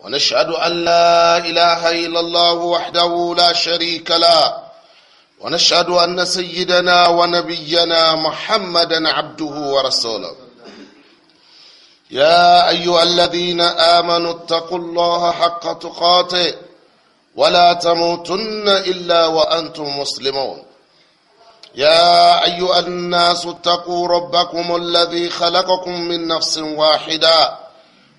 ونشهد أن لا إله إلا الله وحده لا شريك له ونشهد أن سيدنا ونبينا محمدا عبده ورسوله يا أيها الذين آمنوا اتقوا الله حق تقاته ولا تموتن إلا وأنتم مسلمون يا أيها الناس اتقوا ربكم الذي خلقكم من نفس واحده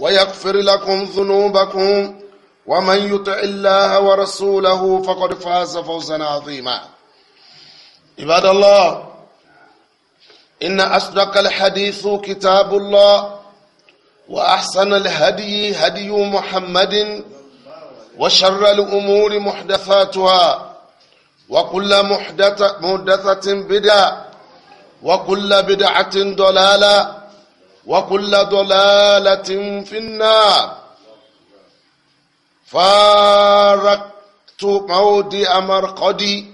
ويغفر لكم ذنوبكم ومن يطع الله ورسوله فقد فاز فوزا عظيما عباد الله إن أصدق الحديث كتاب الله وأحسن الهدي هدي محمد وشر الأمور محدثاتها وكل محدثة بدعة وكل بدعة ضلالة وكل ضلالة في النار فارقت موضع مرقدي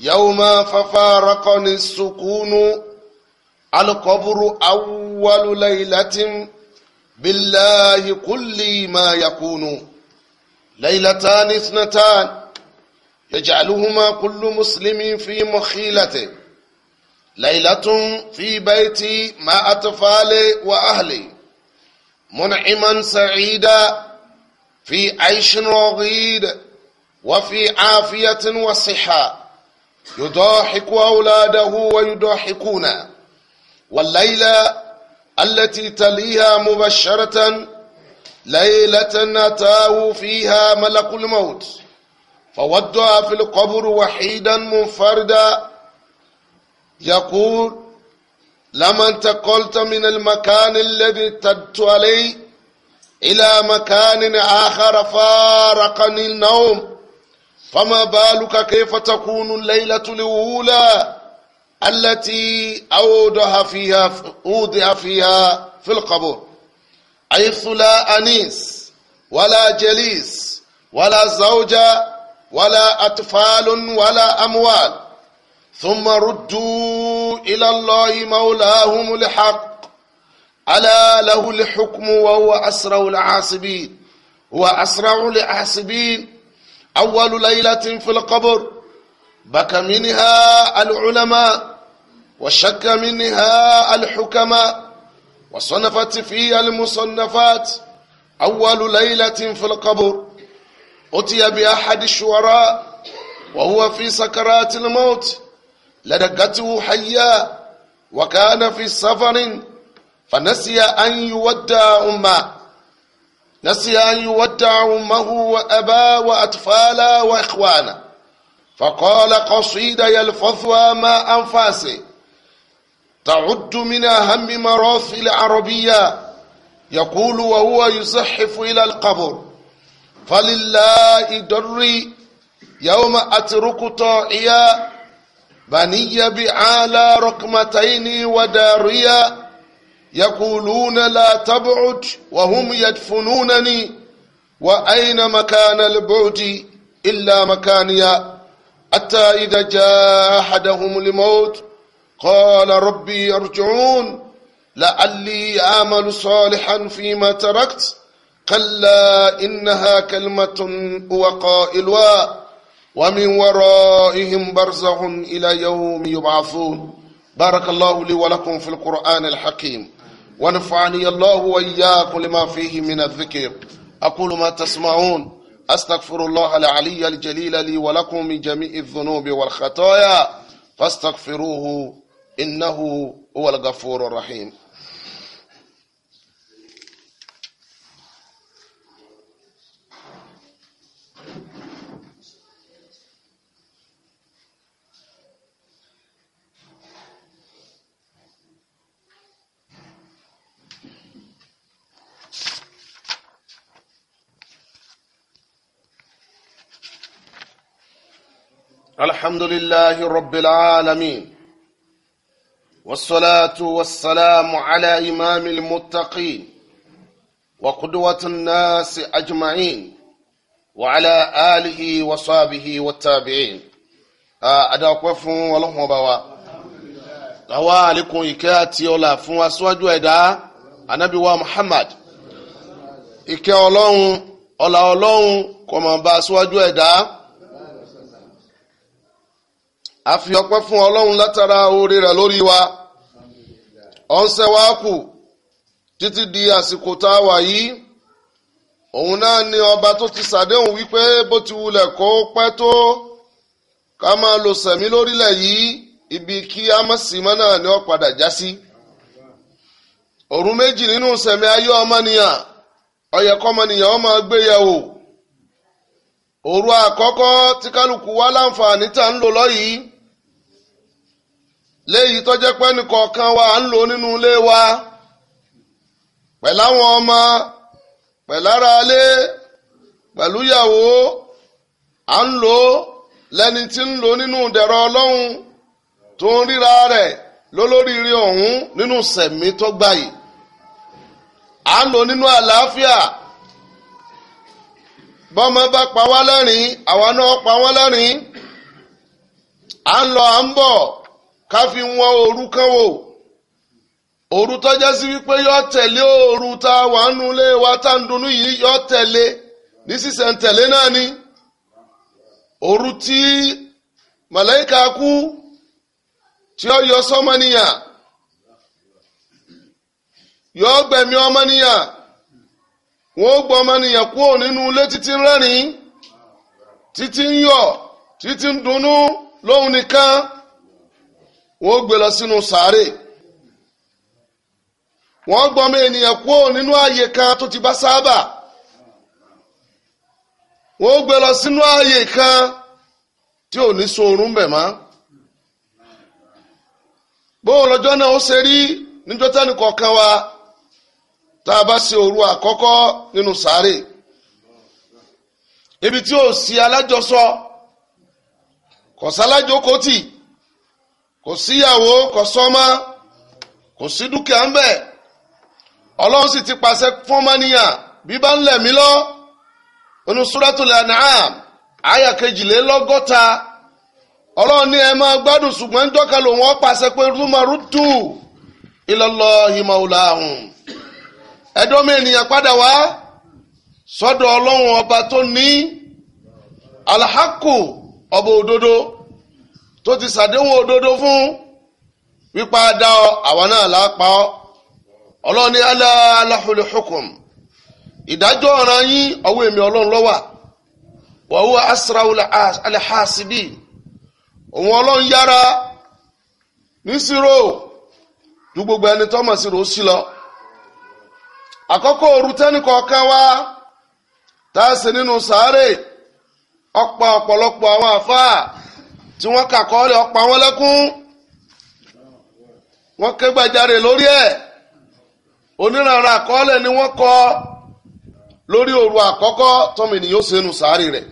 يوم ففارقني السكون القبر أول ليلة بالله كل ما يكون ليلتان اثنتان يجعلهما كل مسلم في مخيلته ليلة في بيتي مع أطفالي وأهلي منعما سعيدا في عيش رغيد وفي عافية وصحة يضاحك أولاده ويضاحكون والليلة التي تليها مبشرة ليلة أتاه فيها ملك الموت فودع في القبر وحيدا منفردا يقول لما انتقلت من المكان الذي ارتدت عليه إلى مكان آخر فارقني النوم فما بالك كيف تكون الليلة الأولى التي أودع فيها أودع فيها في القبر حيث لا أنيس ولا جليس ولا زوجة ولا أطفال ولا أموال ثم ردوا إلى الله مولاهم الحق ألا له الحكم وهو أسرع العاصبين هو أسرع العاصبين أول ليلة في القبر بكى منها العلماء وشك منها الحكماء وصنفت فيها المصنفات أول ليلة في القبر أتي بأحد الشعراء وهو في سكرات الموت لدقته حيا وكان في سفر فنسي أن يودع أمه نسي أن يودع أمه وأبا وأطفالا وإخوانا فقال قصيدة يلفظها ما أنفاسه تعد من أهم مراثي العربية يقول وهو يزحف إلى القبر فلله دري يوم أترك طائيا بني بعالى رقمتين وداريا يقولون لا تبعد وهم يدفنونني وأين مكان البعد إلا مكانيا حتى إذا جاء أحدهم الموت قال ربي ارجعون لعلي آمل صالحا فيما تركت كلا إنها كلمة وقائلها ومن ورائهم برزخ إلى يوم يبعثون بارك الله لي ولكم في القرآن الحكيم ونفعني الله وإياكم لما فيه من الذكر أقول ما تسمعون أستغفر الله العلي الجليل لي ولكم من جميع الذنوب والخطايا فاستغفروه إنه هو الغفور الرحيم الحمد لله رب العالمين والصلاة والسلام على إمام المتقين وقدوة الناس أجمعين وعلى آله وصحبه والتابعين أدعوكم فون ولهم بوا لوا عليكم إكاتي ولا فون أسواج وإدعاء النبي محمد إكا ọlọ́run ọlá ọlọ́run kọ̀mọ̀ bá a fi ọpẹ́ fún ọlọ́run látara oore rẹ̀ lórí wa ọ̀nsẹ̀ wa kù títí di àsìkò tá a wà yìí òun náà ni ọba tó ti sàdéhùn wípé bó ti wulẹ̀ kó pẹ́ tó ká máa lo sẹ̀mí lórílẹ̀ yìí ibi kí amọ̀símọ́ náà ni ó padà já sí òru méjì nínú sẹ̀mí ayé ọmọnìyàn ọ̀yẹ̀kọ́mọnìyàn ó máa gbé yẹ̀wò òru àkọ́kọ́ tí kálukú wá láǹfààní tá ń lò lọ́yìí léyìí tó jẹ́ pé nìkọ̀ọ̀kan wa à ń lò nínú wa pẹ̀láwọn ọmọ pẹ̀lára ilé pẹ̀lú ìyàwó à ń lò lẹ́ni tí ń lò nínú ìdẹ̀rọ ọlọ́run tó ń ríra rẹ̀ lólóríire ọ̀hún nínú sẹ̀mí tó gbà yìí à ń lò nínú àlàáfíà bọ́mọ bá pa wá lẹ́rìn àwa náà pa wọ́n lẹ́rìn à ń ká fi wọn oru kan wò oru tọ́já sí wípé yọ tẹ̀lé oru tá wà nù wa tá n dunú yìí yọ tẹ̀lé ní sísẹ̀ntẹ̀lé náà ni òru tí màláíkà kú tí ó yọ sọ́mọ́nìyà yọ gbẹ̀mí ọmọnìyà wọn ó gbọ́ ọmọnìyà kúrò nínú ilé títí rẹ́rìn-ín títí ń yọ̀ títí ń lóhun nìkan. wọ́n gbé lọ sínú sàárè wọ́n gbọ́mọ ènìyàn kúrò nínú ààyè kan tó ti bá sábà wọ́n gbé lọ sínú ààyè kan tí ò ní sòrùn bẹ̀ mọ́ bóun lọ́jọ́ náà ó ṣe rí níjọ́ wa tá a bá ṣe òru àkọ́kọ́ nínú ibi tí alájọsọ kò síyàwó kò sọ́mọ́ kò sí dúkìá ń bẹ̀ ọlọ́run sì ti pàṣẹ fọ́mọ́nìyàn bí bá ń lẹ̀ mí lọ inú Suratul àyà kejìlélọ́gọ́ta ọlọ́run ní ẹ máa gbádùn ṣùgbọ́n jọ́ka lòun ọ́ ọba tó ní alhaku ọba tó ti ṣàdéhùn òdodo fún wípa dá ọ àwa náà lápá ọ ọlọ́ni aláàlàhùlẹ̀ hukum ìdájọ́ ọ̀ràn yín ọwọ́ èmi ọlọ́run lọ́wà wàhùwà asraula alhasibi òun ọlọ́run yára nísìrò ju gbogbo ẹni tó mọ̀ sí rò sí lọ àkọ́kọ́ òru tẹ́nìkọ̀ọ̀kan wá tá a sì nínú sàárè ọ̀pọ̀ ọ̀pọ̀lọpọ̀ àwọn àfáà tí wọ́n kà kọ́ọ́lẹ̀ ọ̀pá wọn lẹ́kún wọ́n ké gbàjarè lórí ẹ̀ onírànra àkọọ́lẹ̀ ni wọ́n kọ lórí òru àkọ́kọ́ tọ́mọ ènìyàn ó sẹ́nu sàárì rẹ̀.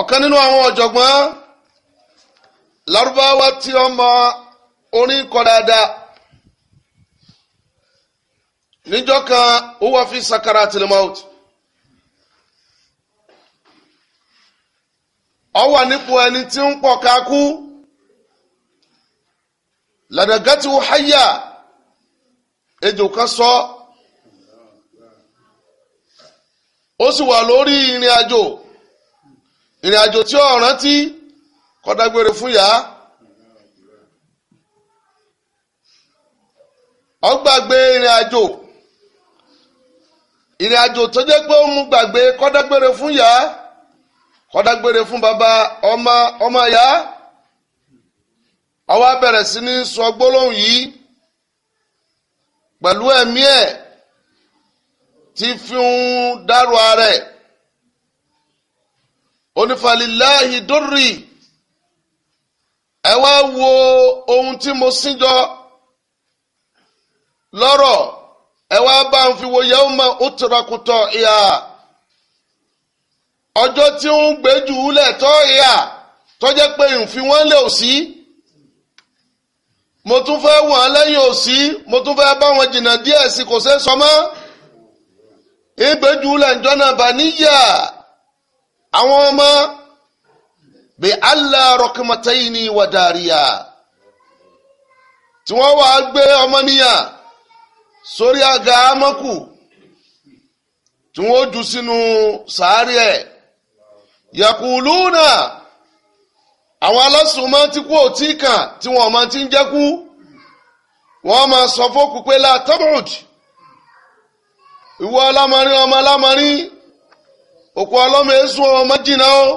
ọ̀kan nínú àwọn ọ̀jọ̀gbọ́n lárúbáwá tí ọmọ orin kọ dáadáa níjọ́ kan ó wá fi sakaratil maut. ọ wà nípò ẹni tí ń pọ̀ kakú làdàgàtì wò háyà ejò kan sọ ó sì wà lórí ìrìn àjò ìrìn àjò tí ó rántí kọ́dágbére fún yàá. ó gbàgbé ìrìn àjò ìrìn àjò tó jẹ́ pé ó mú gbàgbé kọ́dágbére fún yàá. ọ dágbére fún baba ọmọ ọmọ ya, ó wá bẹ̀rẹ̀ sí ní sọ gbólóhùn yìí pẹ̀lú ẹ̀mí ẹ̀ ti fi ń dárò ara ẹ̀ onífàlíláàhì dórì ẹ wá wo ohun tí mo síjọ lọ́rọ̀ ẹ wá bá ń fi wo yẹ́wò máa ó ọjọ́ tí ń gbé jù ú lẹ̀ tọ́ ìyá jẹ́ pé ìfin wọn lè ò sí mo tún fẹ́ wọ̀n lẹ́yìn ò sí mo tún fẹ́ bá wọn jìnnà díẹ̀ sí kò ṣeé sọ mọ́ ìgbéjú lẹ̀ ń jọ́nà bàníyà àwọn ọmọ bí Allah rọkìmọ̀tẹ́yìn ní ìwà dàríyà tí wọ́n wàá gbé ọmọ níyà sórí àga amọ́kù tí wọ́n jù sínú sàárẹ̀ yakuluna àwọn alásùn máa ń tí kú òtí kàn tí wọn máa ti ń jẹ́kú wọn máa sọ fókù pé la tabud ìwọ alámarin ọmọ alámarin òkú ọlọ́mọ èso ọmọ jìnnà ó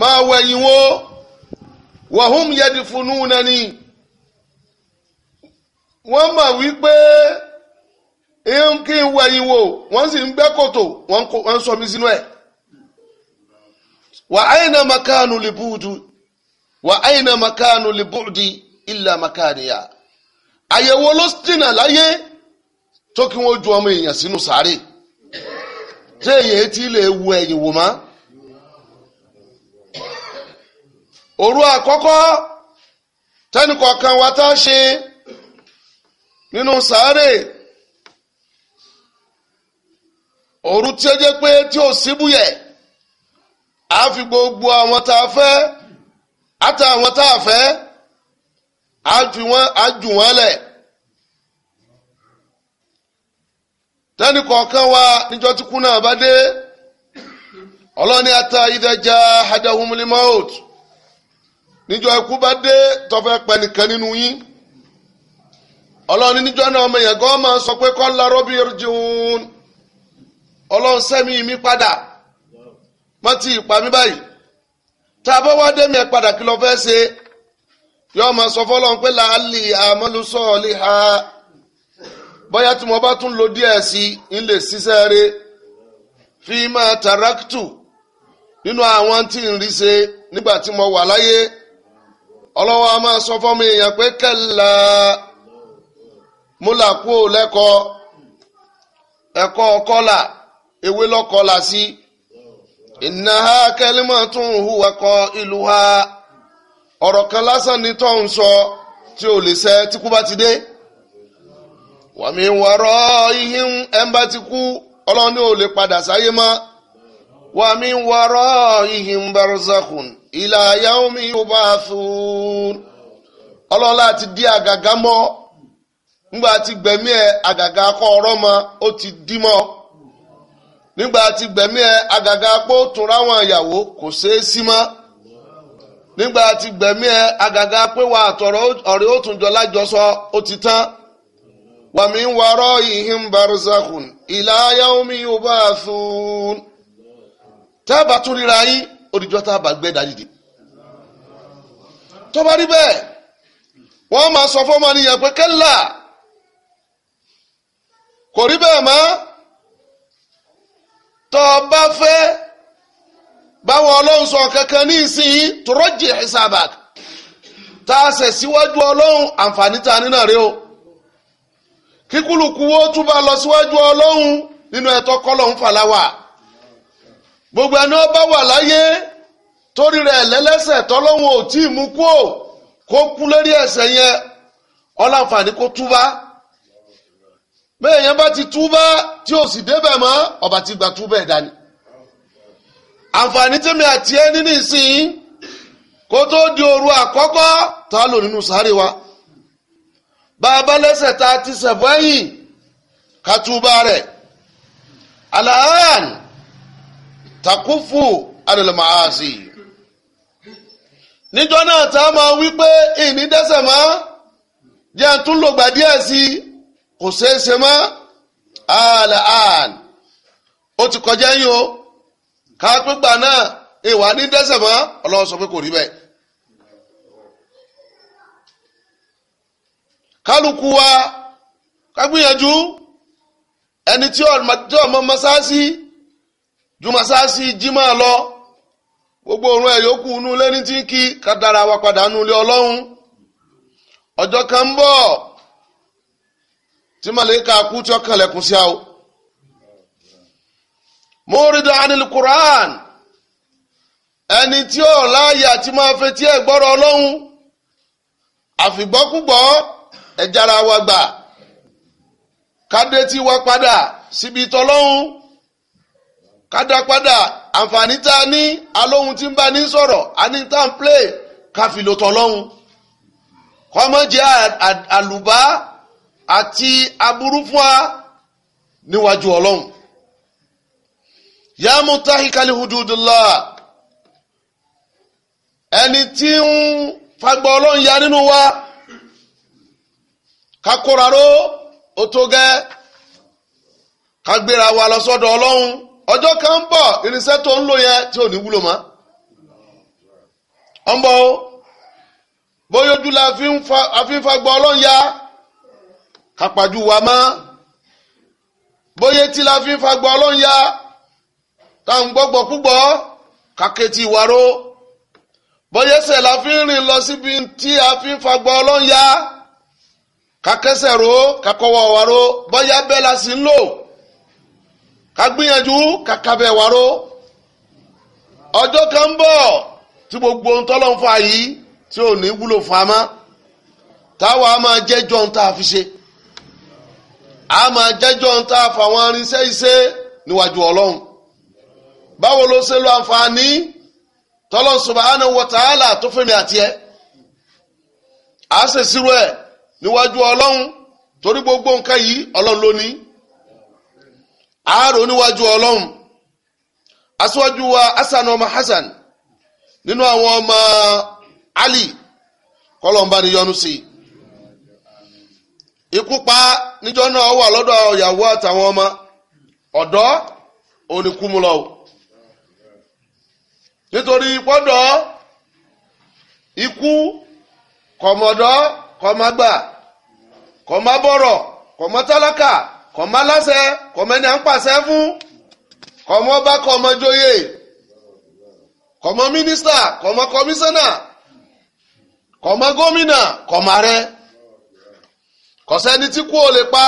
máa wẹ̀yìn wo wàhùn yẹdìfúnú nani wọ́n mọ̀ wípé ń kí n wẹ̀yìn wo wọ́n sì ń gbẹ́ kòtò wọ́n sọ mi sínú ẹ̀. wa aina makanu libudu wa aina makanu libudi illa makaniya àyẹ̀wò ló laye láyé tó kí wọ́n ju ọmọ èèyàn sínú sáré tí èèyàn ti lè wo ẹ̀yìn wò má. òru àkọ́kọ́ tẹ́nìkọ̀ọ̀kan wa tá a ṣe nínú sáré òru tí ó jẹ́ pé tí ò síbúyẹ̀. a fi gbogbo àwọn tá a fẹ́ àti àwọn tá wa níjọ́ tí kuna bá dé ọlọ́ni ata ìdẹ́jà hadahumulimaut níjọ́ ikú bá dé tọ́fẹ́ pẹ́ nìkan nínú yín ọlọ́ni níjọ́ náà ọmọ yẹn gan sọ pé kọ́ ńlá rọ́bì ọlọ́run sẹ́mi mi ma ti pa mí báyìí tá a bá wá dé mi ẹ̀ padà kí lọ fẹ́ ṣe yọ ọmọ sọ fọlọ́n pé làálì àmọ́lùsọ̀ lè ha bóyá tí mo bá tún lo díẹ̀ sí i ń lè ṣiṣẹ́ rẹ̀ fi máa tàràkìtù nínú àwọn tí ń rí ṣe nígbà tí mo wà láyé ọlọ́wọ́ a máa sọ fọ́mọ èèyàn pé kẹ́lá múlà kú ò lẹ́kọ̀ọ́ ẹ̀kọ́ ewé sí. Si ìnáha kẹlímà tún hùwà kọ ìlú ha ọ̀rọ̀ kan lásán ni tó ń sọ tí ò lè ṣẹ tí kú bá ti dé wàmí wàrọ̀ ihim ẹ̀ ti kú ọlọ́ni ò lè padà sáyé mọ́ wàmí wàrọ̀ ihim barzakhun ìlà yaomi yubathun ọlọ́lá ti di àgàgà mọ́ ngbà ti gbẹ̀mí ẹ̀ àgàgà akọ ọ̀rọ̀ mọ́ ó ti dí mọ́. nígbà tí gbẹ̀mí ẹ àgàgà pé tún ráwọn ìyàwó kò ṣeé sí mọ́ nígbà tí gbẹ̀mí ẹ àgàgà pé wà àtọ̀rọ̀ ọ̀rẹ́ ó tún lájọsọ ó ti tán wàmí wàrọ̀ ìhìn barzakun ìlà yaomi yubathun tá a bá tún ríra yín wọ́n máa sọ pé kò rí bẹ́ẹ̀ tọ́ ọ bá fẹ́ báwọn ọlọ́run sọ kankan ní ìsinyìí tọrọ́jì hisabak tá a ọlọ́run àǹfààní ta nínú rẹ o kíkúlùkù wo túbà lọ síwájú ọlọ́run nínú ẹ̀tọ́ kọ́lọ́hún gbogbo ẹni ó wà láyé torí rẹ̀ lẹ́lẹ́ṣẹ̀ tọ́lọ́hún ò tí ì mú kú bẹ́ẹ̀yàn bá ti túbá tí o sì débẹ̀ mọ́ ọba ti gba túbẹ̀ ẹ̀ dání. àǹfààní tèmi àti ẹ nínú ìsìn kó tó di òru àkọ́kọ́ tá a lò nínú sáré wa bá a bá lẹ́sẹ̀ tá ti ṣẹ̀fọ́ ẹ̀yìn ká túbá rẹ̀ alahan takufu adalamaasi níjọ́ náà tá a máa wí pé ìní dẹ́ṣẹ̀ mọ́ jẹ́ àtúnlògbà díẹ̀ sí i. kòsẹ́sẹ́ mọ́ àlà àn ó ti kọjá yín o kápẹ́gbà náà ìwà ní dẹ́sẹ̀ mọ́ ọlọ́run sọ pé kò rí bẹ́ẹ̀. kálukú wa kágbìyànjú ẹni tí ọmọ masáàsì ju masáàsì lọ gbogbo òun ẹ̀ yòókù inú lẹ́ni tí ń kí ká wa padà nulẹ̀ ọlọrun ọjọ kan tí màlẹ́kà kú tí ó kànlẹ̀kùn sí àwọn. mórìdà anil quran ẹni tí ó láàyè àti máa fetí ẹ̀ gbọ́rọ̀ ọlọ́run àfìgbọ́kúgbọ́ ẹ̀jára wa gbà kádé tí wá padà síbi tọ́lọ́hún kádá àǹfààní tá a ní alóhun tí ń bá ní sọ̀rọ̀ àní tá à ń plé káfílò tọ́lọ́hún kọ́mọ́jẹ́ àlùbá àti aburú fún wa níwájú ọlọ́run yá mutahikali hududullah ẹni tí ń fagbọ ọlọ́run ya nínú wa kakóraró ó tó gẹ́ kagbéra lọ sọ́dọ̀ ọlọ́run ọjọ́ kan ń bọ̀ irinṣẹ́ tó ń lò yẹn tí ò ní wúlò mọ́ ọ̀nbọ̀ bóyá la fi ń ọlọ́run ya. kápájú wa mọ́ bóyá tí la fi ń fagbọ́ ọlọ́run ya tá à ń gbọ́gbọ́ púpọ̀ kàkẹ́tì ìwárò bóyá ẹsẹ̀ la fi ń rìn lọ síbi tí a fi ń fagbọ́ ọlọ́run ya kakẹsẹ̀ ro kakọwọ́ ìwárò bóyá bẹ́ẹ̀ la sì ń lò kagbìyànjú kakabẹ̀ ìwárò ọjọ́ kan ń bọ̀ tí gbogbo ohun tọ́lọ́ ń fa yìí tí ò ní wúlò fún amá táwa máa jẹ́jọ́ ohun tá a fi a máa jẹ́jọ́ ń ta fàwọn irinṣẹ́ iṣẹ́ níwájú ọlọ́run báwo ló ṣe lo àǹfààní tọ́lọ́ subhanahu wa ta'ala tó fẹ́mi àti ẹ̀ a ṣe sírò ẹ̀ níwájú ọlọ́run torí gbogbo nǹkan yìí ọlọ́run ló ní àárò níwájú ọlọ́run aṣíwájú wa hasan ọmọ hasan nínú àwọn ọmọ ali kọlọ̀ǹba ni yọ́nú sí i. ikú pa níjọ́ náà wà lọ́dọ̀ ìyàwó àtàwọn ọmọ ọdọ oníkúmulọ̀ o nítorí pọ́dọ̀ ikú kọ̀mọ̀dọ́ kọ̀mọ̀gbà kọ̀mọ̀bọ̀rọ̀ kọ̀mọ̀tálákà kọ̀mọ̀láṣẹ kọ̀mẹ́ni à ń pàṣẹ fún kọ̀mọ̀ọba kọ̀mọ̀joyè kọ̀mọ̀ mínísítà gómìnà kò tí kú ò lè pa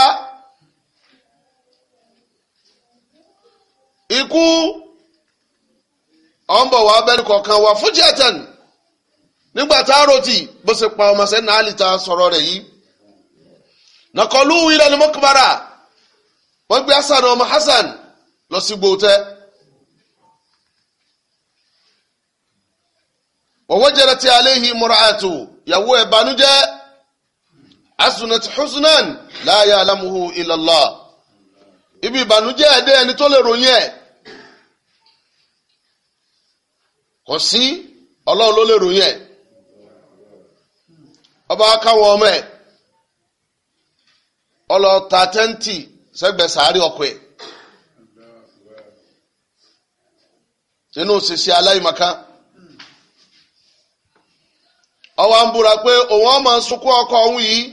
ikú ọ̀nbọ̀ wà abẹ́ni kọ̀ọ̀kan wà fún jẹ́tẹ̀n nígbà tá a rotì bó ṣe pa ọmọ sẹ́ni yìí nàkọ́lù wọ́n gbé hasan ọmọ hasan lọ sí gbòòtẹ́ wọ́n wọ́n mọ́ra asunat husnan la ya'lamuhu illa ibi ìbànújẹ́ ẹdẹ ẹni tó lè ròyìn ẹ kò sí Ọlọ́run ló lè ròyìn ẹ ọba káwọn ọmọ ẹ ọlọta sẹgbẹ sàárì ọkọ ẹ sínú òṣìṣẹ aláìmọ̀ká ọwọ à pé òun ọmọ ọkọ ọhún yìí.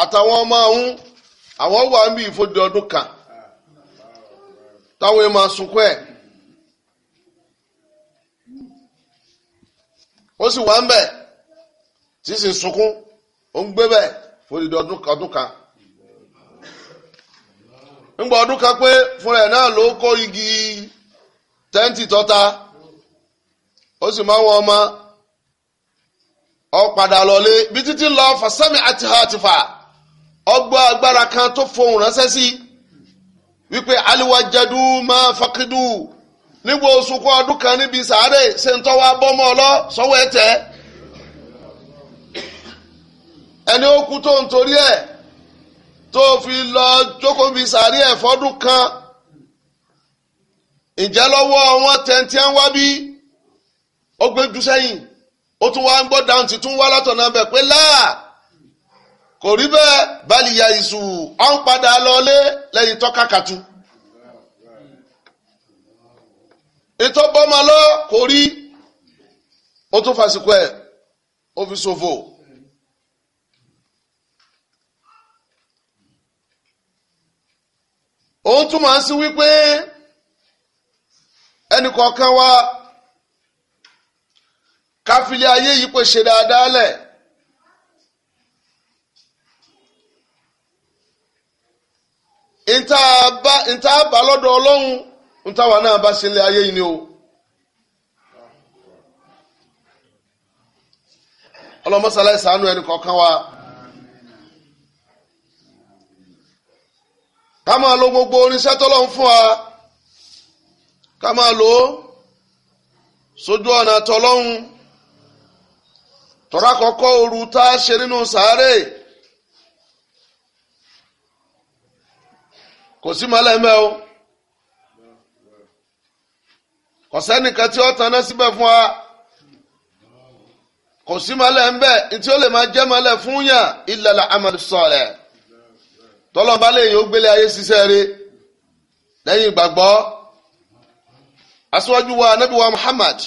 àtàwọn ọmọ ọ̀hún àwọn wà ń bí ìfòdì ọdún kan táwọn èèmọ̀ sunkún ẹ̀ ó sì wà ń bẹ̀ tí sì sunkún ó ń gbé bẹ̀ fòdì ọdún kan ńgbà ọdún kan pé fúnra náà ló kó igi tẹ́ǹtì tọ́ta ó sì máa ọmọ ọ padà lọlé bí títí lọ àti hàtìfà. ọgbọ́ agbára kan tó fohùn ránṣẹ́ sí wípé aliwajadu máa fakidu nígbà oṣù ọdún kan níbi sàárè ṣe ń tọ́wọ́ abọ́mọ́ sọ́wọ́ ẹ̀ tẹ́ ẹni ó kú tó ń torí ẹ̀ tó fi lọ jókòó níbi sàárè ẹ̀ fọ́dún kan ǹjẹ́ lọ́wọ́ wọn tẹ̀ntì ń wá bí ó gbé jù sẹ́yìn ó tún wá ń gbọ́ dáhùn wá bẹ̀ pé láà. kò rí bẹ́ẹ̀ báyìí ya ìṣù ọ̀ ń padà lọlé lẹ́yìn tọ́ka kàtú. ètò bọ́mọ lọ kò rí ó tún fàṣìkò ẹ̀ ó fi ṣòfò. òun tún máa ń sí wípé ẹnì kọ̀ọ̀kan wa káfílẹ̀ ayé yìí pèsè dáadáa lẹ̀. ntá bá lọ́dọ̀ ọlọ́run ntáwa náà bá ṣe lé ayé yìí ni o. ọlọmọsálẹ sànú ẹnì kọ̀ọ̀kan wa ká máa lo gbogbo oníṣẹ́ tọ́lọ́run fún wa ká máa lo sójú ọ̀nà tọ́lọ́run tọ́ra kọ́kọ́ ooru tá a ṣe nínú sàárè. kò sí mọ́lẹ̀ mẹ́ o kò nìkan tí ó tanná síbẹ̀ fún wa kò sí mọ́lẹ̀ tí ó lè máa jẹ́ mọ́lẹ̀ fún yàn ìlẹ̀lẹ̀ amadu sọ̀rẹ̀ tọ́lọ́mbà lè yóò gbélé ayé lẹ́yìn ìgbàgbọ́ wa anabi wa Muhammad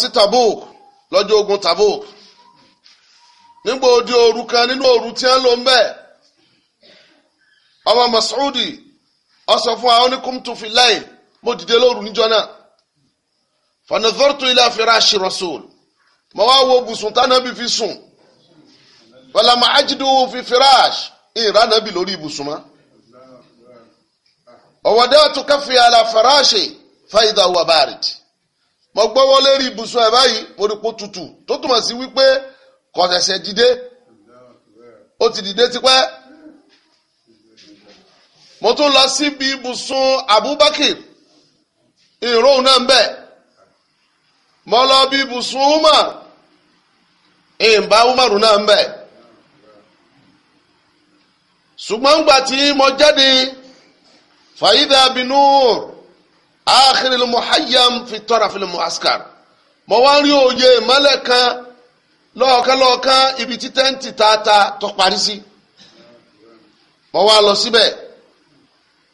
sí ogun Tabuk nígbà odi ooru kan nínú ooru tí ọmọ Mas'udi ọsọ fún àwọn oníkùntù filayi mo dìde lóru níjọ náà fanadhortu ila firashi rasul mo wá wo bùsùn tánàbí fi sùn falama ajidu fi firash ìrà nàbí lórí ibùsùn mọ́ ọ̀wọ́dẹ́wàtú káfí ala firashi fàyídà wà bárìdì mo gbọ́wọ́ lérí ibùsùn ẹ̀ báyìí mo rí po tutù tó túmọ̀ sí wípé kọ̀ọ̀sẹ̀sẹ̀ dìde ó ti dìde tipẹ́ mo tún lọ síbi ibùsùn Abubakar ìrún náà ń bẹ mo lọ bí ibùsùn Umar ìbá Umar náà ń bẹ ṣùgbọ́n gbà tí mo jáde fàyídà binúr àkìrìlì muhayyam fi tọ́ra fìlì muhaskar mo wá rí òye ìmọ́lẹ̀ kan lọ́ọ̀kan ibi tí tẹ́ǹtì tó parí sí mo wá lọ síbẹ̀.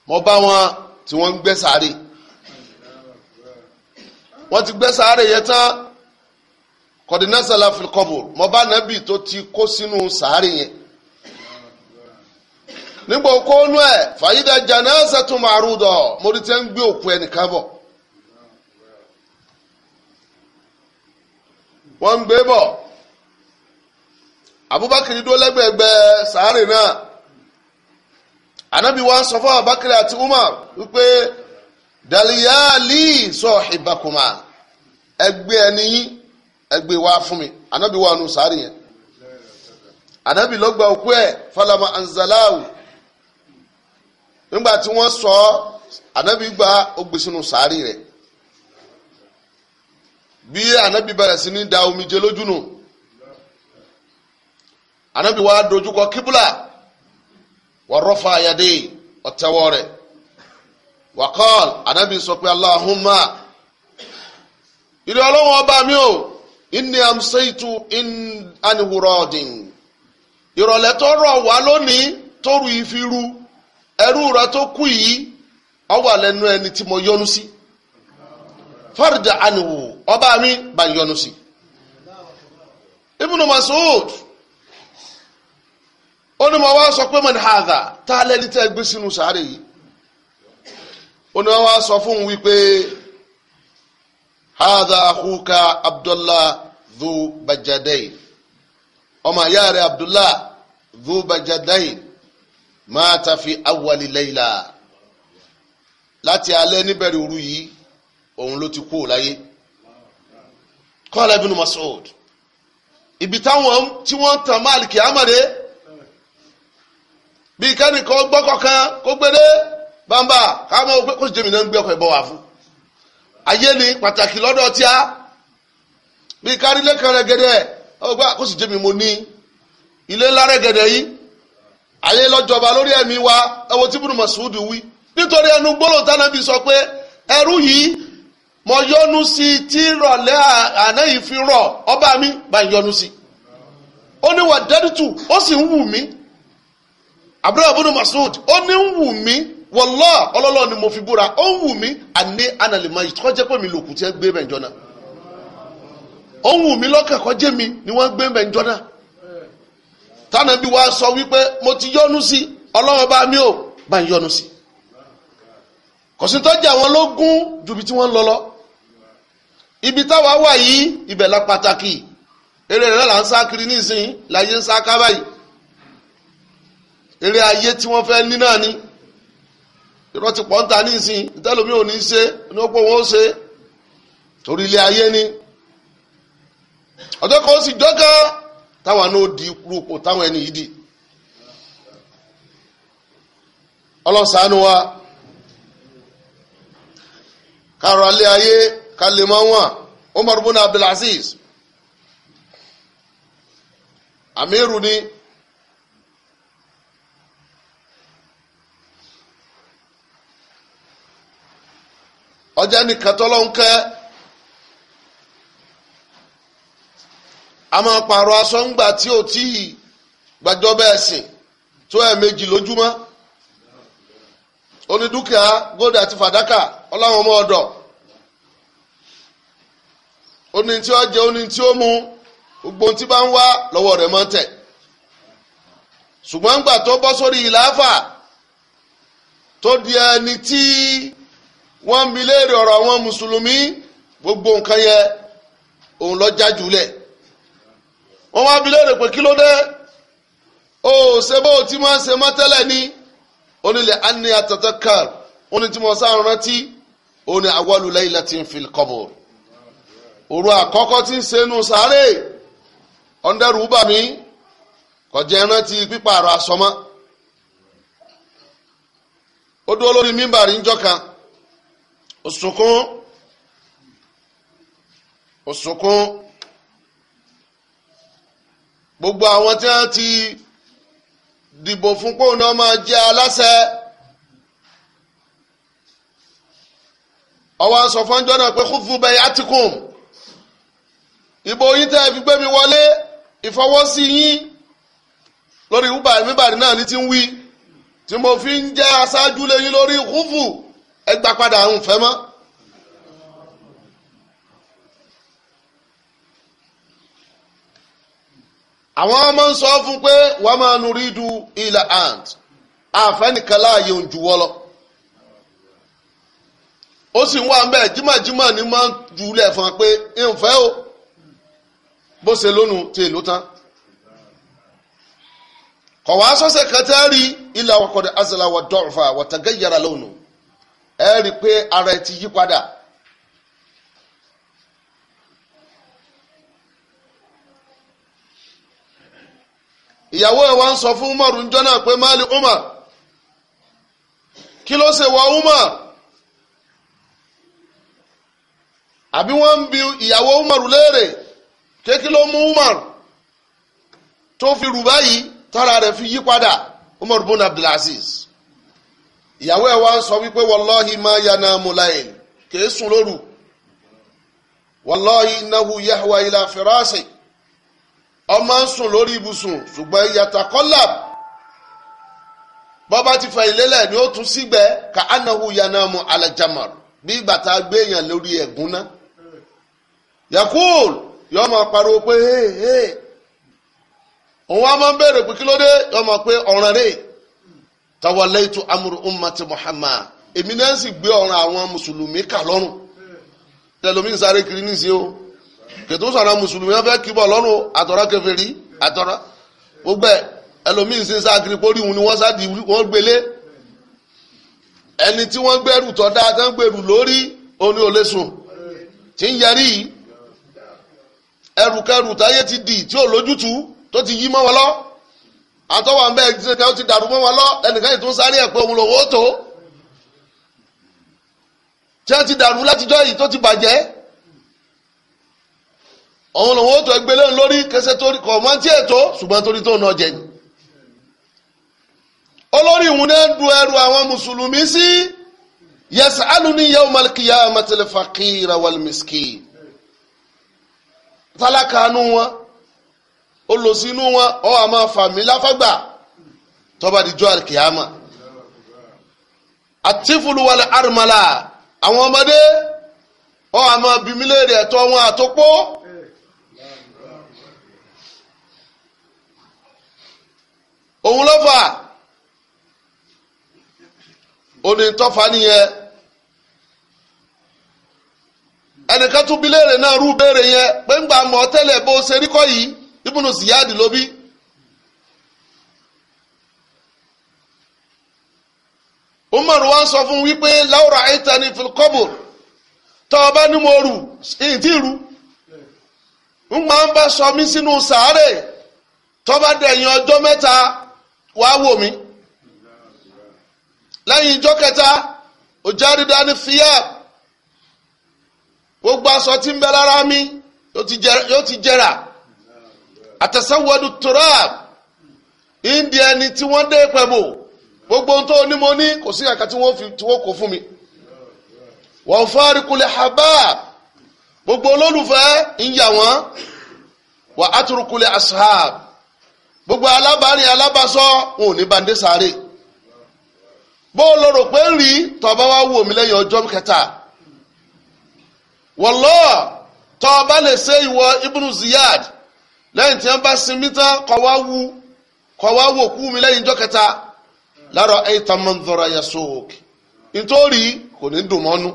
mo bá wọn tí wọ́n wọn gbẹ́ sáré wọ́n ti gbẹ́ sáré yẹn tán kọ̀dínásàlá fìlkọ́bù mo bá nábì tó ti kó sínú sáré yẹn nígbà okóónú fayida fàyídà jànáàsà tó máa rúdọ̀ mo rí tẹ́ ń gbé òkú ẹnìkan bọ̀ bọ ń gbé bọ Abubakar dúró lẹ́gbẹ̀ẹ́gbẹ́ sáré náà. anabi wa ń sọ fún abakiri àti umar wípé daliyali sọ ìbàkùmá ẹgbẹ ẹni yín ẹgbẹ wa fún mi anabi wa nù sáré yẹn anabi ló òkú ẹ falama anzalahu nígbà tí wọ́n sọ anabi gba ogbèsínú sáré rẹ̀ bí anabi bẹ̀rẹ̀ sí ní da omijé lójú nù anabi wa dojúkọ kíbúlà. wọ́rọ́fà àyàdé ọ̀tẹ́wọ́ rẹ̀ wàkọ́ọ̀l anábì sọ pé aláhùnmá ìrẹ́ ọlọ́wọ́n ọba mi ò inni amsaitu in anihurọ́ọ̀dìn ìrọ̀lẹ́ tó rọ̀ wá lónìí tó rù ìfiru ẹrú rẹ tó kú yìí ó wà lẹ́nu ẹni anihu ó ní mo wá sọ pé man hadha tá a lẹ́ni tẹ́ gbé sínú sàárè yìí ó ní wọ́n wá sọ fún un wípé hadha akhuka abdullah dhu bajadain ọmọ ìyá rẹ̀ abdullah dhu bajadain mata fi awwali layla láti alẹ́ níbẹ̀rẹ̀ òru yìí òun ló ti kú láyé qala ibn Mas'ud ibi táwọn tí wọ́n tàn máàlì kìámàdé. bí kẹ́nìkan gbọ́kọ̀ kan kó gbélé bàbá káwọn ọgbẹ́ kó sì jẹ́mi náà ń gbé ọkọ̀ ìbọn wà fún. ayé ni pàtàkì lọ́dọ̀ tíá bí kárílé kan rẹ̀gẹ̀dẹ̀ ọgbẹ́ kó sì jẹ́mi mo ní ilé ńlá rẹ̀gẹ̀dẹ̀ yìí ayé lọ́jọba lórí ẹ̀mí wa ẹ̀wọ̀n tí bùnú Mas'ud wí nítorí ẹnu gbólóhùn tánàbí sọ pé ẹrú yìí mo yọ́nú sí tí rọ̀lẹ́ àná yìí fi rọ̀ ọba abdullahi abudu masud ó ní ń wù mí wọlọ́ ọlọ́lọ́ ni mo fi búra ó ń wù mí àní analima yìí kọ́ pé mi lòkù tí ẹ gbé bẹ́ẹ̀ jọ náà ó ń wù mí lọ́kàn kọ́ jẹ́ mi ni wọ́n gbé bẹ́ẹ̀ jọ náà tánà bí wàá sọ wípé mo ti yọ́nú sí ọlọ́wọ́ bá mi ò bá ń yọ́nú sí kọ̀sìntọ́jà wọn ló gún jubi tí wọ́n lọ lọ ibi táwa wà yìí ibẹ̀ la pàtàkì eré rẹ̀ là ń sá kiri nísìnyí láyé ń sá ká báyìí eré ayé tí wọ́n fẹ́ ní náà ni irọ́ ti pọ̀ ń ta nísìn ìtẹ́lómi ò ní ṣe ní ó pọ̀ wọ́n ṣe torí ilé ayé ni ọjọ́ kan ó sì dọ́gán táwọn náà di rúpò táwọn ẹni yìí dì ọlọ́sàánú wa kárọ̀ alẹ́ ayé kálẹ̀ máa amiru ni. ọjà nìkan tọ́lọ́ ń kẹ́ a máa pààrọ̀ aṣọ ńgbà tí ò tí ì gbàjọ́ bẹ́ẹ̀ sìn tó ẹ̀ méjì lójúmọ́ onídùkìá góòdù àti fàdákà ọláwọn ọmọ ọ̀dọ̀ oní tí ó jẹ oní tí ó mu gbogbo ohun tí bá ń wá lọ́wọ́ rẹ̀ máa ń tẹ̀ ṣùgbọ́n ńgbà tó bọ́ sórí ìlàáfà tó di ẹni tí wọ́n ń bi léèrè ọ̀rọ̀ àwọn mùsùlùmí gbogbo nǹkan yẹ òun lọ jájú lẹ̀ wọ́n wá bi léèrè pé kí ló dé o ṣe bó ti máa ṣe mọ́ tẹ́lẹ̀ ni onílẹ̀ ani àtọ̀tọ̀ kan oní tí mo sáà rántí oní awwalu laylatin fil qabr òru àkọ́kọ́ tí ń ṣe nu sáré ọ̀ndẹ́rù bà mí kọjá ìrántí pípààrọ̀ àsọmọ́ ó dúró lórí mímbàrí ńjọ́ kan òsùnkún òsùnkún gbogbo àwọn tí wọ́n ti dìbò fún pé òun náà máa jẹ aláṣẹ ọwọ́ sọ fọ́njọ́ náà pé kúfù bẹ́ẹ̀ yàtìkùn ìbò yín tẹ́ ẹ fi gbé mi wọlé ìfọwọ́sí yín lórí wúbàrí míbàrí náà ní ti ń wí tí mo fi ń jẹ́ aṣáájú lẹ́yìn lórí kúfù. ẹ gbà padà àwọn àwọn ọmọ ń sọ fún pé wàá máa nu rídu ilà ant àfẹnìkan láàyè òǹjù wọlọ ó sì ń wá bẹ́ẹ̀ jímọ̀jímọ̀ ni máa ń jùlẹ̀ fún pé ìfẹ́ o bó ṣe lónìí ti èlò tán kọ̀wá sọ́sẹ̀ kan tẹ́ rí ilà wọ̀kọ̀dẹ̀ azàlà wà ẹ rí i pé ara ẹ ti yí padà. ìyàwó ẹ̀ wá ń sọ fún Umar ń jọ́nà pé máàlì Umar kí ló ṣe wá Umar àbí wọ́n ń bi ìyàwó Umar léèrè ké kí ló mú Umar tó fi rù báyìí tára rẹ̀ fi yí padà Umar bun Abdulaziz. ìyàwó ẹ̀ wá ń sọ wípé wọlọ́hì máa yànà mùláyìn kìí sùn lóru wọlọ́hì náhu yahwa ilà fìràṣì ọmọ ń sùn lórí ibùsùn ṣùgbọ́n yàtàkọ́là bọ́bá ti fẹ̀ ni ó tún sígbẹ́ ka anahu ya mu alajamar bí bàtà gbé èèyàn lórí ẹ̀gún náà yakul yọọ máa pariwo pé hey hey òun á máa ń béèrè pé kí ló dé máa pé ọ̀ràn rèé. tawalaitu amru ummati muhammad èmi náà sì gbé ọ̀ràn àwọn mùsùlùmí kà lọ́rùn tẹlomi ń sáré kiri ní sí o kètò sọ̀rọ̀ mùsùlùmí wọn fẹ́ kí bọ̀ lọ́rùn àtọ̀rọ̀ kèfèrí àtọ̀rọ̀ gbogbo ẹ̀ ẹlòmí ń sin sáàkiri pórí òun ni wọ́n sáàdì wọ́n gbélé ẹni tí wọ́n gbẹ́rù tọ́ dáa tán lórí òun ni sùn tí ń yẹrí ẹrùkẹrù táyé ti dì tí ò lójútùú tó ti yí mọ́ wọn lọ́wọ́ àtọ́wà ń bẹ́ ẹgbẹ́ kan ti dàrú mọ́ wọn lọ ẹnìkan ètò ń sáré ẹ̀ pé òun lòwò tó tí wọ́n ti dàrú látijọ́ yìí tó ti bàjẹ́ òun lòwò tó ẹgbẹ́ lẹ́nu lórí kẹsẹ́ torí kọ̀ mọ́ tí ètò ṣùgbọ́n torí tó nà jẹ ni. olórí ìhun náà du ẹrù àwọn mùsùlùmí sí yasaluni yawmal qiyamatil faqira wal miskin wọn. ó lọ wọn ọ wà máa fà mí láfàgbà tọ́ba dìjọ́ àkìyàmà àtìfúluwalẹ̀ àrùmọ́là àwọn ọmọdé ọ wà máa bí mi léèrè ẹ̀tọ́ wọn àtòpó. òun ló fà onítọ́fà nìyẹn ẹnìkan tún bí léèrè náà rú béèrè yẹn si ziyadi ló lobi umar wa sọ fún wípé laura aitani ni tọ́ ọ bá mo rù ìdí rù ń ń bá sọ mí sínú sàárè tọ́ bá dẹ̀yìn ọjọ́ mẹ́ta wò mí kẹta gbogbo aṣọ tí ń bẹ lára mi yóò ti àtẹ̀sáwọ́dù turab India ẹni tí wọ́n dé pẹ̀bù gbogbo ohun tó ní mo ní kò sí kàkà tí wọ́n kò fún mi. wọ́n fárí kulẹ̀ habab gbogbo olólùfẹ́ ń yà wọ́n wà á tún kulẹ̀ ashab gbogbo alábàárìn alábàásọ wọn ò ní bàndé sáré bó o lọ pé rí tọ́ba wá wò mí lẹ́yìn ọjọ́ kẹta wọ́lọ́ tọ́ba lè ṣe ìwọ ibnu ziyad lẹ́yìn tí wọ́n bá sinmi tán kọ́ wá wò kú mi lẹ́yìn ìjọ kẹta lára ẹ̀yìntàn máa ń dọ̀rọ̀ ayé sóòkè nítorí kò ní dùn mọ́nú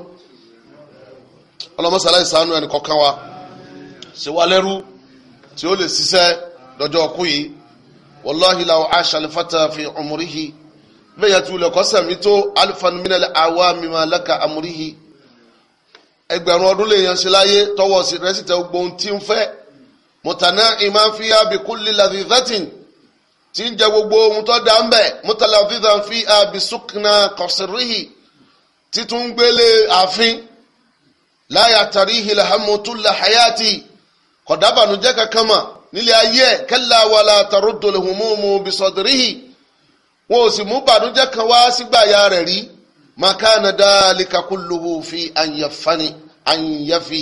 ọlọ́mọsàlá ìsànú ẹni kọ̀ọ̀kan wa ṣe wá lẹ́rú tí ó lè ṣiṣẹ́ lọ́jọ́ ọkú yìí wàláhi làwọn aṣàlùfàtà fi ọmọríhi bẹ́ẹ̀ tí sẹ̀mí tó àwa ẹgbẹ̀rún ọdún lè láyé tọwọ́ sí mutana iman fiya bi kulli ladhizatin tí ń jẹ gbogbo ohun tó dá ń bẹ mutalafizan fiya bi sukna qasrihi títún gbélé ààfin láyà tàríhì làhámùtúlà hayati kọ̀dábànújẹ́ kankan mà nílé ayé kẹ́lá wàlà tàródòlùhùmùmù bisọ̀dìríhì wọn ò sì mú bànújẹ́ kan wá sígbàyà rẹ̀ rí màkàna dhalika kulluhu fi ànyàfani ànyàfi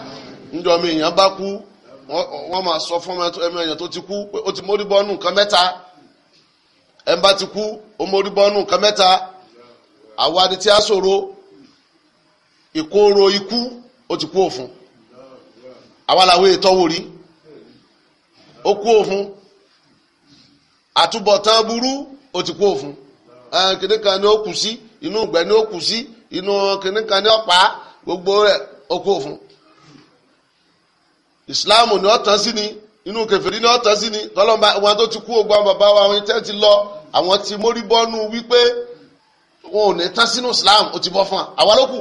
níjọ́ mi èèyàn bá kú wọ́n máa sọ fún ọmọ èèyàn tó ti kú pé ó ti mórí bọ́nù nǹkan mẹ́ta ẹ̀ ń bá ti kú ó mórí bọ́nù nǹkan mẹ́ta àwa ni tí a sọ̀rọ̀ ìkóró ikú ó ti kú òfun àwa làwọn ètò wò rí ó kú òfun àtúbọ̀tán burú ó ti kú òfun kìnní kan ni ó kù sí inú ìgbẹ́ ni ó kù sí inú kìnní kan ni ó pa gbogbo rẹ̀ ó kú òfun. Islam ni ọ̀tàn sí ni inú kẹfìrí ni ọ̀tàn sí ni tọ́lọ́mọba wọn tó ti kú ogun àwọn bàbá wa àwọn tẹ́ ti lọ àwọn ti mórí bọ́nú wípé wọn ò ní tán sínú ìsìláàmù ó ti bọ́ fún wa àwa ló kù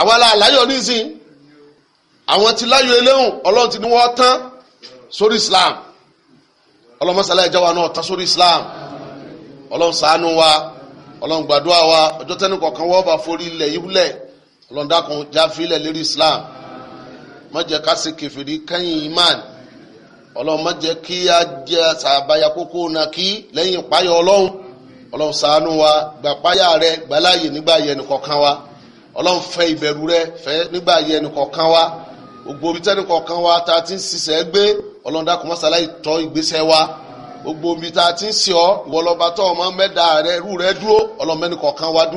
àwa la àláyọ̀ nísìn àwọn ti láyọ̀ eléhùn ọlọ́run ti ní wọ́n tán sórí ìsìláàmù ọlọ́mọsálá ẹ̀já wa náà tán sórí ìsìláàmù ọlọ́run ṣàánú wa ọlọ́run gbàdúrà wa ọjọ́ tẹ́nu kọ̀ọ̀kan wọ́n bá forí ilẹ̀ yìí ọlọ́run dákun já fi ilẹ̀ lérí ìsìláàmù má jẹ́ ká ṣe kẹfìrí kẹ́yìn imán ọlọ́run má jẹ́ kí á jẹ́ sàbáyà kókó na kí lẹ́yìn ìpáyọ̀ ọlọ́run ọlọ́run ṣàánú wa gbàpáyà rẹ gbàláyè nígbà yẹn nìkọ̀ọ̀kan wa ọlọ́run fẹ́ ìbẹ̀rù rẹ fẹ́ nígbà yẹn nìkọ̀ọ̀kan wa gbogbo omi tẹ́ni kọ̀ọ̀kan wa tá a ti ń ṣiṣẹ́ gbé ọlọ́run dákun mọ́sálá ìtọ́ ìgbésẹ̀ wa gbogbo omi tá ti ń ṣe ìwọlọ́ba tó ọmọ mẹ́ta rẹ rú rẹ dúró ọlọ́run mẹ́ni kọ̀ọ̀kan wa dúró.